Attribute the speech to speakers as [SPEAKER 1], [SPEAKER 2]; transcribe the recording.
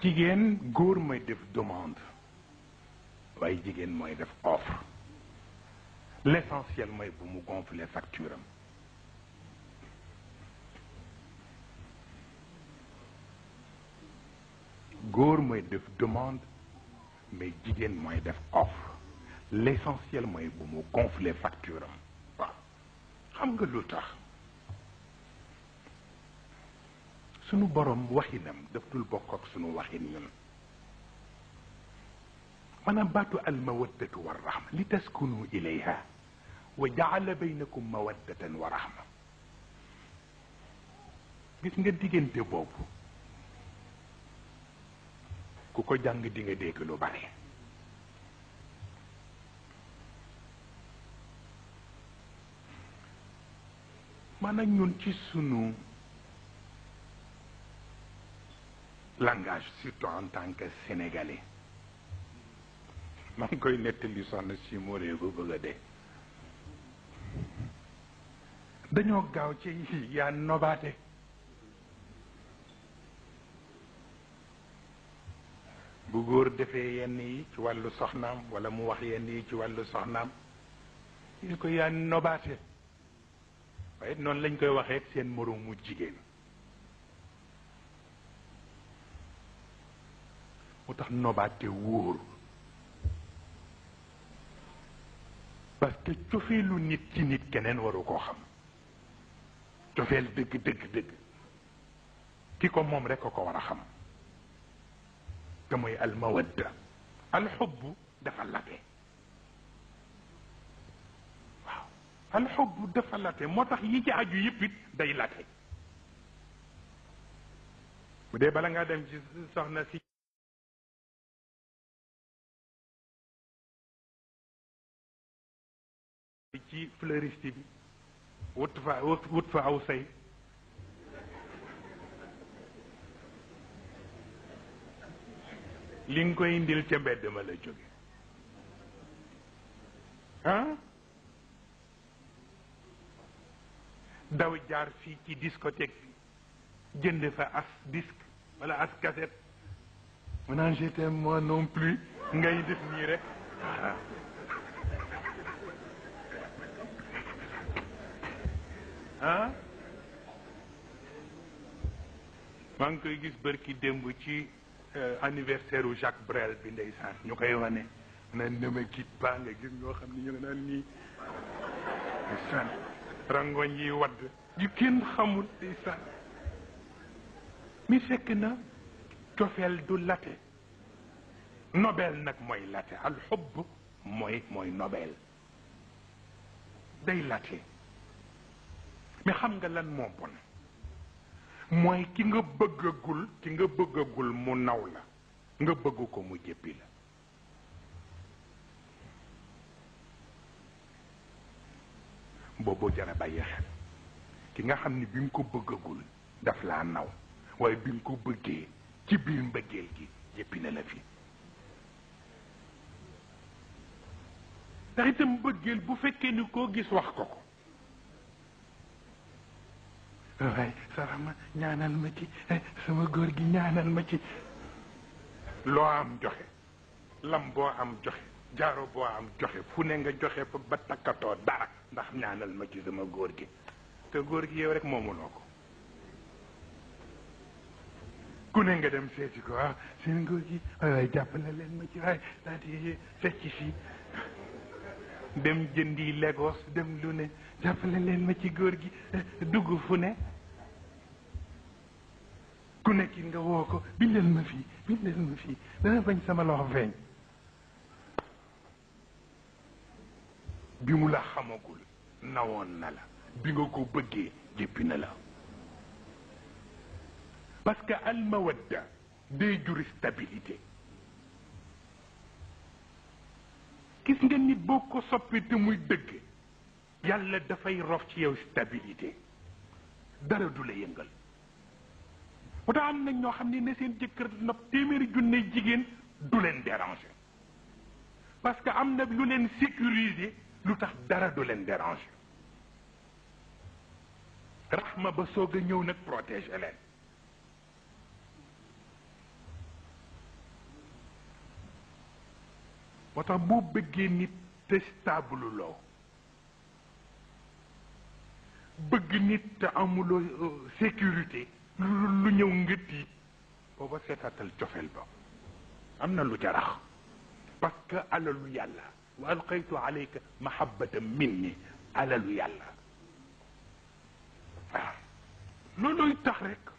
[SPEAKER 1] jigéen góor def demande way jigéen moy def offre l'essentiel moy bu mu gonfler facture gourmay góor def demande mais jigéen moy def offre l'essentiel moy bu mu gonfler facture xam nga lutax sunu borom waxinam daf dul bokk ak sunu waxin ñun maanaam baatu almawaddatu wa rahma li taskunu ilayha wa jaala baynakum mawaddatan wa rahma gis nga diggante boobu ku ko jàng di nga dégg lu bare maanaam ñun ci sunu langage surtout en tant que sénégalais maa koy nettali soxna si mooree bu bëgg a dañoo gaaw ci yaa nobaate bu góor defee yenn yi ci wàllu soxnaam walla mu wax yenn yi ci wàllu soxnaam ñu ko yaa nobaate waaye noonu lañ koy waxee ak seen moroomu jigéen motax nobaté بعتهور parce que cofeelu nit ci nit kenen waru ko xam cofeel deug deug deug kiko mom rek a ko wara xam te moy al mawadda al hubb dafa late waaw hubb dafa late motax yi ci aju yépit day late bu dé bala nga dem ci soxna ci ci fleuriste bi wut fa wut fa aw say li nga koy indil ca mbedd ma la jóge ah daw jaar fii ci discothèque bi jënd fa as disque wala as cassette. maintenant je t'aime moi non plus ngay def nii rek ah maa ngi koy gis bërki démb ci euh, anniversaire u Jacques Brel bi ndeysaan ñu koy wane na ne ma quitte nga gis ñoo xam ne ñu ngi naan nii ndeysaan rangoñ yi wadd yu kenn xamul ndeysaan mi fekk na cofeel du late nobel nag mooy late al mooy mooy nobel day late mais xam nga lan moo bon mooy ki nga bëggagul ki nga bëggagul mu naw la nga bëgg ko mu jëppi la boobu jara bàyyi xel ki nga xam ni bi nga ko bëggagul daf laa naw waaye bi nga ko bëggee ci biir mbëggeel gi jëppi na la fi ndax itam mbëggeel bu fekkee ni koo gis wax ko ko waay sarama ñaanal ma ci eh, sama góor gi ñaanal ma ci loo am joxe lam boo am joxe jaaro boo am joxe fu ne nga joxe fa ba takkatoo dara ndax ñaanal ma ci sama góor gi te góor gi yow rek moomuloo ko ku ne nga dem seeti ko ah seen góor gi waay waay jàppale leen ma ci waay daal di fecc fii dem jëndi Lagos dem lu ne jàppale leen ma ci góor gi eh, dugg fu ne ku nekki nga woo ko bindal ma fii bindal ma fii dana bañ sama loxo feeñ bi mu la xamagul nawoon na la bi nga ko bëggee jéppi na la parce que al jur stabilité gis nga nit boo ko soppi te muy dëgg yàlla dafay rof ci yow stabilité dara du la yëngal bu tax am na ñoo xam ne ne seen jëkkër nopp téeméeri junne jigéen du leen déranger parce que am na lu leen sécuriser lu tax dara du leen déranger raxma ba soog a ñëw nag protéger leen moo tax boo bëggee nit te stable loo bëgg nit te amuloo euh, sécurité lu ñëw nga tiit booba seetaatal cofeel ba am na lu jarax parce que alalu yàlla wa alqaytu alayka mahabbatan minni alalu yàlla waaw loolooy tax rek